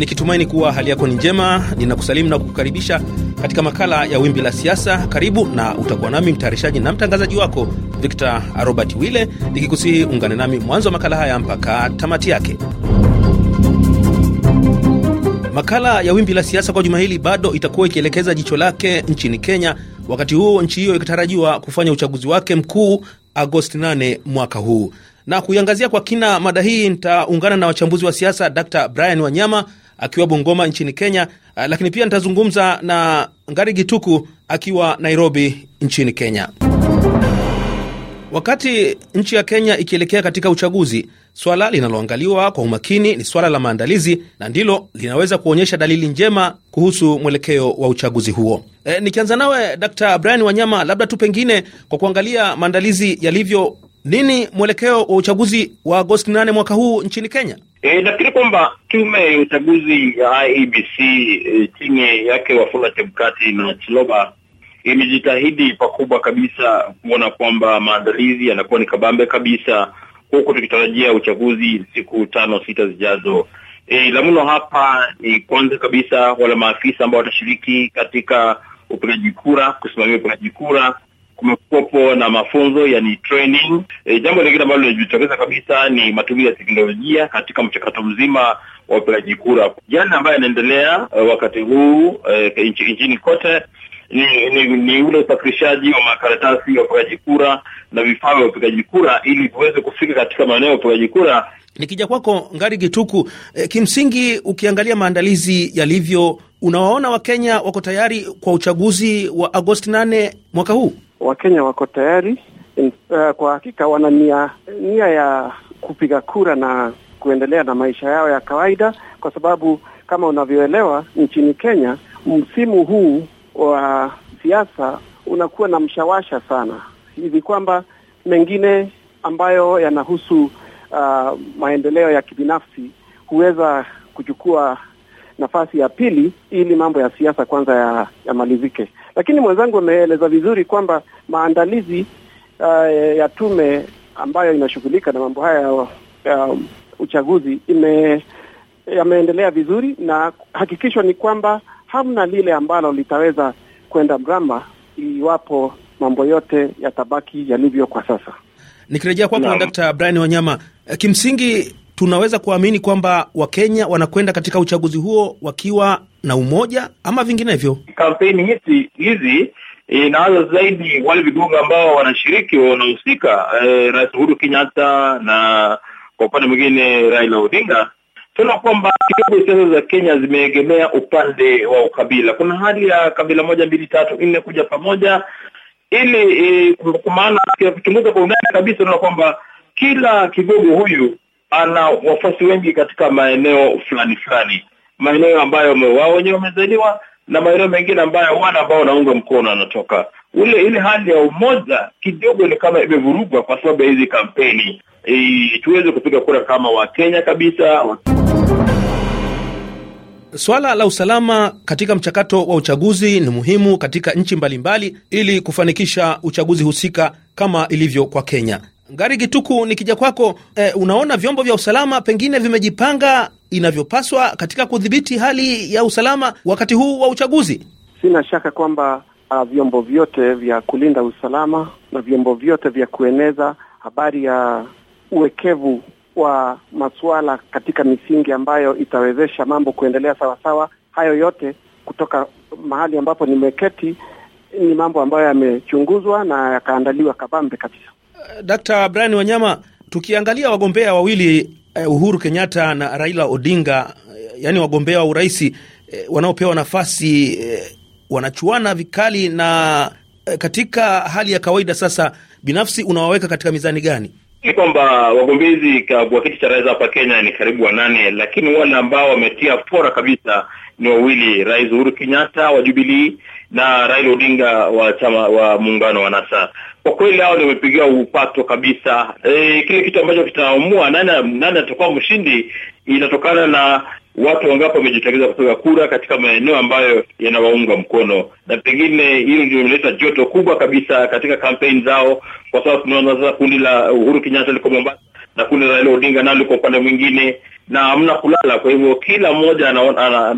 nikitumaini kuwa hali yako ni njema. Ninakusalimu na kukukaribisha katika makala ya Wimbi la Siasa. Karibu na utakuwa nami mtayarishaji na mtangazaji wako Victor Robert Wille, nikikusihi ungane nami mwanzo wa makala haya mpaka tamati yake. Makala ya Wimbi la Siasa kwa juma hili bado itakuwa ikielekeza jicho lake nchini Kenya, wakati huo nchi hiyo ikitarajiwa kufanya uchaguzi wake mkuu Agosti 8 mwaka huu. Na kuiangazia kwa kina mada hii, nitaungana na wachambuzi wa siasa Dr Brian Wanyama akiwa Bungoma nchini Kenya, ah, lakini pia nitazungumza na Ngari Gituku akiwa Nairobi nchini Kenya. Wakati nchi ya Kenya ikielekea katika uchaguzi, swala linaloangaliwa kwa umakini ni swala la maandalizi na ndilo linaweza kuonyesha dalili njema kuhusu mwelekeo wa uchaguzi huo. E, nikianza nawe Dkt. Brian Wanyama, labda tu pengine kwa kuangalia maandalizi yalivyo nini mwelekeo wa uchaguzi wa Agosti nane mwaka huu nchini Kenya? E, nafikiri kwamba tume ya uchaguzi ya IEBC e, eh, chini yake Wafula Chebukati na Chiloba imejitahidi pakubwa kabisa kuona kwamba maandalizi yanakuwa ni kabambe kabisa, huku tukitarajia uchaguzi siku tano sita zijazo. E, la mno hapa ni kwanza kabisa wale maafisa ambao watashiriki katika upigaji kura, kusimamia upigaji kura kumekuwepo na mafunzo yani training. E, jambo lingine ambalo linajitokeza kabisa ni matumizi ya teknolojia katika mchakato mzima wa upigaji kura, yale ambayo yanaendelea uh, wakati huu uh, nchini kote ni, ni, ni ule usafirishaji wa makaratasi ya upigaji kura na vifaa vya upigaji kura ili viweze kufika katika maeneo ya upigaji kura. Nikija kwako Ngari Gituku, e, kimsingi ukiangalia maandalizi yalivyo, unawaona Wakenya wako tayari kwa uchaguzi wa Agosti nane mwaka huu? Wakenya wako tayari in, uh, kwa hakika wana nia nia ya kupiga kura na kuendelea na maisha yao ya kawaida, kwa sababu kama unavyoelewa nchini Kenya msimu huu wa siasa unakuwa na mshawasha sana hivi kwamba mengine ambayo yanahusu uh, maendeleo ya kibinafsi huweza kuchukua nafasi ya pili ili mambo ya siasa kwanza yamalizike ya lakini mwenzangu ameeleza vizuri kwamba maandalizi uh, ya tume ambayo inashughulika na mambo haya ya um, uchaguzi ime yameendelea vizuri, na hakikisho ni kwamba hamna lile ambalo litaweza kwenda mrama iwapo mambo yote yatabaki yalivyo kwa sasa. Nikirejea kwako Dkt. Brian Wanyama, eh, kimsingi tunaweza kuamini kwamba Wakenya wanakwenda katika uchaguzi huo wakiwa na umoja ama vinginevyo? Kampeni hizi hizi inaanza e, zaidi wale vigogo ambao wanashiriki wanahusika, eh, Rais Uhuru Kenyatta na kwa upande mwingine Raila Odinga. Tuna kwamba kidogo siasa za Kenya zimeegemea upande wa ukabila. Kuna hali ya kabila moja mbili tatu nne kuja pamoja ili e, kwa maana kuchunguza kwa undani kabisa, tunaona kwamba kila kigogo huyu ana wafuasi wengi katika maeneo fulani fulani, maeneo ambayo wao wenyewe wamezaliwa na maeneo mengine ambayo wale ambao wanaunga mkono anatoka ule ile hali ya umoja kidogo ni kama imevurugwa kwa sababu ya hizi kampeni e, tuweze kupiga kura kama Wakenya kabisa. Swala la usalama katika mchakato wa uchaguzi ni muhimu katika nchi mbalimbali ili kufanikisha uchaguzi husika kama ilivyo kwa Kenya. Gari Gituku, nikija kwako eh, unaona vyombo vya usalama pengine vimejipanga inavyopaswa katika kudhibiti hali ya usalama wakati huu wa uchaguzi? Sina shaka kwamba uh, vyombo vyote vya kulinda usalama na vyombo vyote vya kueneza habari ya uwekevu wa masuala katika misingi ambayo itawezesha mambo kuendelea sawasawa, hayo yote kutoka mahali ambapo nimeketi, ni mambo ambayo yamechunguzwa na yakaandaliwa kabambe kabisa. Dr. Brian Wanyama, tukiangalia wagombea wawili eh, Uhuru Kenyatta na Raila Odinga, yaani wagombea wa uraisi eh, wanaopewa nafasi wanachuana vikali, na katika hali ya kawaida sasa, binafsi unawaweka katika mizani gani? Ni kwamba wagombezi wa kiti cha rais hapa Kenya ni karibu wanane, lakini wale ambao wametia fora kabisa ni wawili, Rais Uhuru Kenyatta wa jubilii na Raila Odinga wa chama wa muungano wa NASA kwa kweli hao ndio wamepigiwa upato kabisa. E, kile kitu ambacho kitaamua nani nani atakuwa mshindi inatokana na watu wangapi wamejitokeza kupiga kura katika maeneo ambayo yanawaunga mkono, na pengine hilo ndio imeleta joto kubwa kabisa katika kampeni zao, kwa sababu tunaona sasa kundi la Uhuru Kenyatta liko Mombasa na kundi la Raila Odinga nalo liko upande mwingine, na hamna kulala. Kwa hivyo kila mmoja anajaribu ana,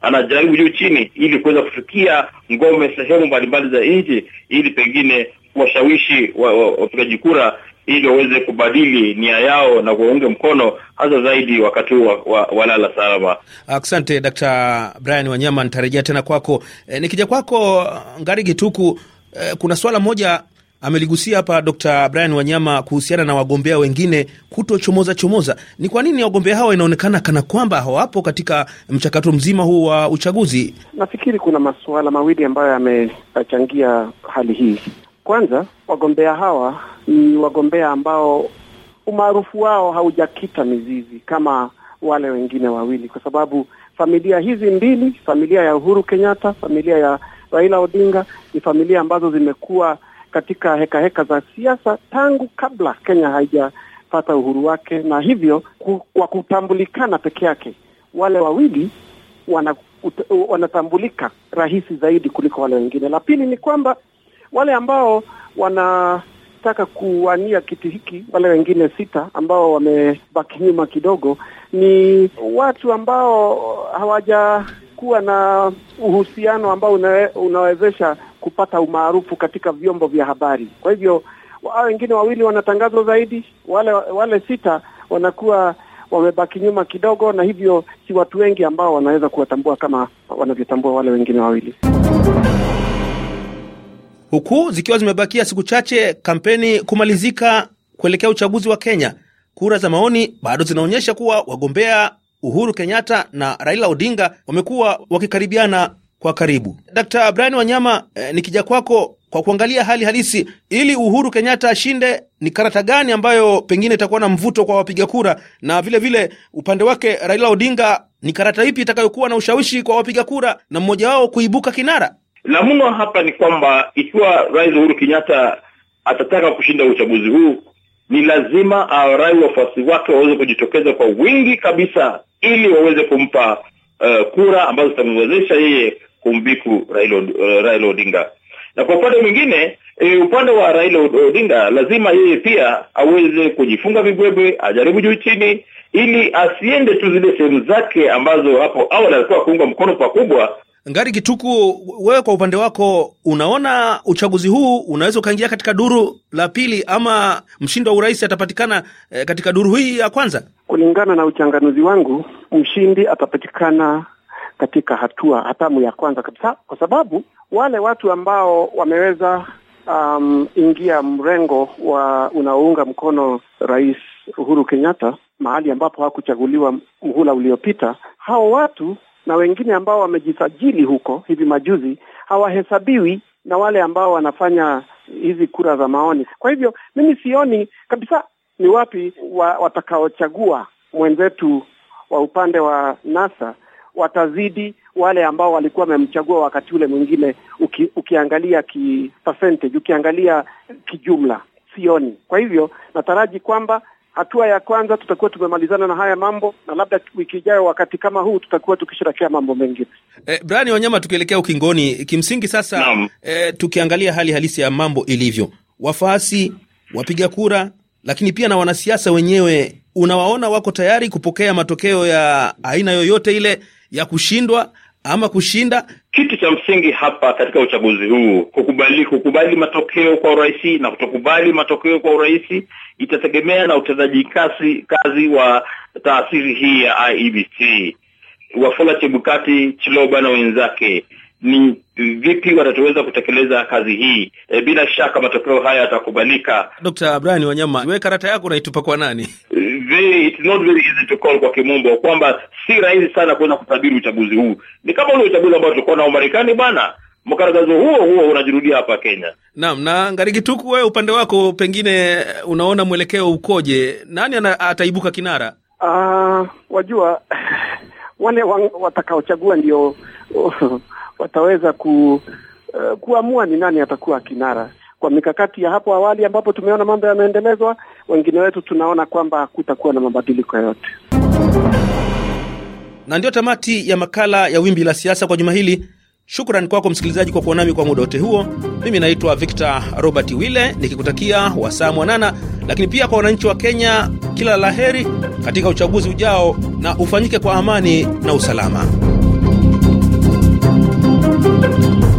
ana, ana juu chini ili kuweza kufikia ngome sehemu mbalimbali za nchi, ili pengine kuwashawishi wapigaji wa, wa kura ili waweze kubadili nia yao na kuwaunge mkono hasa zaidi wakati huu wa, wa, walala salama. Asante Dkt. Brian Wanyama, nitarejea tena kwako. E, nikija kwako uh, Ngari Gituku, e, eh, kuna swala moja ameligusia hapa Dr. Brian Wanyama kuhusiana na wagombea wengine kutochomoza chomoza. Ni kwa nini wagombea hawa inaonekana kana kwamba hawapo katika mchakato mzima huu wa uchaguzi? Nafikiri kuna masuala mawili ambayo yamechangia hali hii. Kwanza, wagombea hawa ni wagombea ambao umaarufu wao haujakita mizizi kama wale wengine wawili, kwa sababu familia hizi mbili, familia ya Uhuru Kenyatta, familia ya Raila Odinga, ni familia ambazo zimekuwa katika heka heka za siasa tangu kabla Kenya haijapata uhuru wake, na hivyo kwa kutambulikana peke yake wale wawili wana, ut, wanatambulika rahisi zaidi kuliko wale wengine. La pili ni kwamba wale ambao wanataka kuwania kiti hiki, wale wengine sita ambao wamebaki nyuma kidogo, ni watu ambao hawajakuwa na uhusiano ambao unawe, unawezesha kupata umaarufu katika vyombo vya habari. Kwa hivyo hao wengine wawili wanatangazwa zaidi, wale wale sita wanakuwa wamebaki nyuma kidogo, na hivyo si watu wengi ambao wanaweza kuwatambua kama wanavyotambua wale wengine wawili huku zikiwa zimebakia siku chache kampeni kumalizika kuelekea uchaguzi wa Kenya. Kura za maoni bado zinaonyesha kuwa wagombea Uhuru Kenyatta na Raila Odinga wamekuwa wakikaribiana kwa karibu. Dkt. Brian Wanyama, eh, nikija kwako kwa kuangalia hali halisi, ili Uhuru Kenyatta ashinde, ni karata gani ambayo pengine itakuwa na mvuto kwa wapiga kura, na vilevile vile upande wake Raila Odinga, ni karata ipi itakayokuwa na ushawishi kwa wapiga kura na mmoja wao kuibuka kinara? La muno hapa ni kwamba ikiwa Rais Uhuru Kenyatta atataka kushinda uchaguzi huu, ni lazima arai wafuasi wake waweze kujitokeza kwa wingi kabisa, ili waweze kumpa uh, kura ambazo zitamwezesha yeye kumbiku Raila, uh, Raila Odinga. Na kwa upande mwingine e, upande wa Raila Odinga lazima yeye pia aweze kujifunga vibwebwe, ajaribu juu chini, ili asiende tu zile sehemu zake ambazo hapo awali alikuwa kuunga mkono pakubwa Ngari Kituku, wewe kwa upande wako unaona uchaguzi huu unaweza ukaingia katika duru la pili ama mshindi wa urais atapatikana e, katika duru hii ya kwanza? Kulingana na uchanganuzi wangu, mshindi atapatikana katika hatua hatamu ya kwanza kabisa, kwa sababu wale watu ambao wameweza um, ingia mrengo wa unaounga mkono Rais Uhuru Kenyatta mahali ambapo hakuchaguliwa mhula uliopita, hao watu na wengine ambao wamejisajili huko hivi majuzi hawahesabiwi na wale ambao wanafanya hizi kura za maoni. Kwa hivyo mimi sioni kabisa ni wapi wa, watakaochagua mwenzetu wa upande wa NASA watazidi wale ambao walikuwa wamemchagua wakati ule mwingine. Uki, ukiangalia ki percentage, ukiangalia kijumla sioni. Kwa hivyo nataraji kwamba hatua ya kwanza tutakuwa tumemalizana na haya mambo, na labda wiki ijayo wakati kama huu tutakuwa tukisherekea mambo mengine. e, Brian Wanyama, tukielekea ukingoni, kimsingi sasa e, tukiangalia hali halisi ya mambo ilivyo, wafasi wapiga kura, lakini pia na wanasiasa wenyewe, unawaona wako tayari kupokea matokeo ya aina yoyote ile ya kushindwa ama kushinda. Kitu cha msingi hapa katika uchaguzi huu kukubali, kukubali matokeo kwa urahisi na kutokubali matokeo kwa urahisi itategemea na utendaji kazi, kazi wa taasisi hii ya IEBC. Wafula Chebukati Chiloba na wenzake ni vipi watatoweza kutekeleza kazi hii. E, bila shaka matokeo haya yatakubalika. Dr. Abrani Wanyama, we karata yako unaitupa kwa nani? it's not very easy to call kwa kimombo, kwamba si rahisi sana kuweza kutabiri uchaguzi huu. Ni kama ule uchaguzi ambao tulikuwa nao Marekani bana mkaragazo huo huo unajirudia hapa Kenya. Naam. Na tuku wewe upande wako pengine unaona mwelekeo ukoje? Nani ana, ataibuka kinara? Uh, wajua wale watakaochagua ndio wataweza ku, uh, kuamua ni nani atakuwa kinara kwa mikakati ya hapo awali ambapo tumeona mambo yameendelezwa. Wengine wetu tunaona kwamba hakutakuwa na mabadiliko yoyote. Na ndiyo tamati ya makala ya Wimbi la Siasa kwa juma hili. Shukrani kwako msikilizaji kwa kuwa nami kwa muda wote huo. Mimi naitwa Victor Robert Wille nikikutakia wasaa mwanana, lakini pia kwa wananchi wa Kenya kila la heri katika uchaguzi ujao, na ufanyike kwa amani na usalama. thank you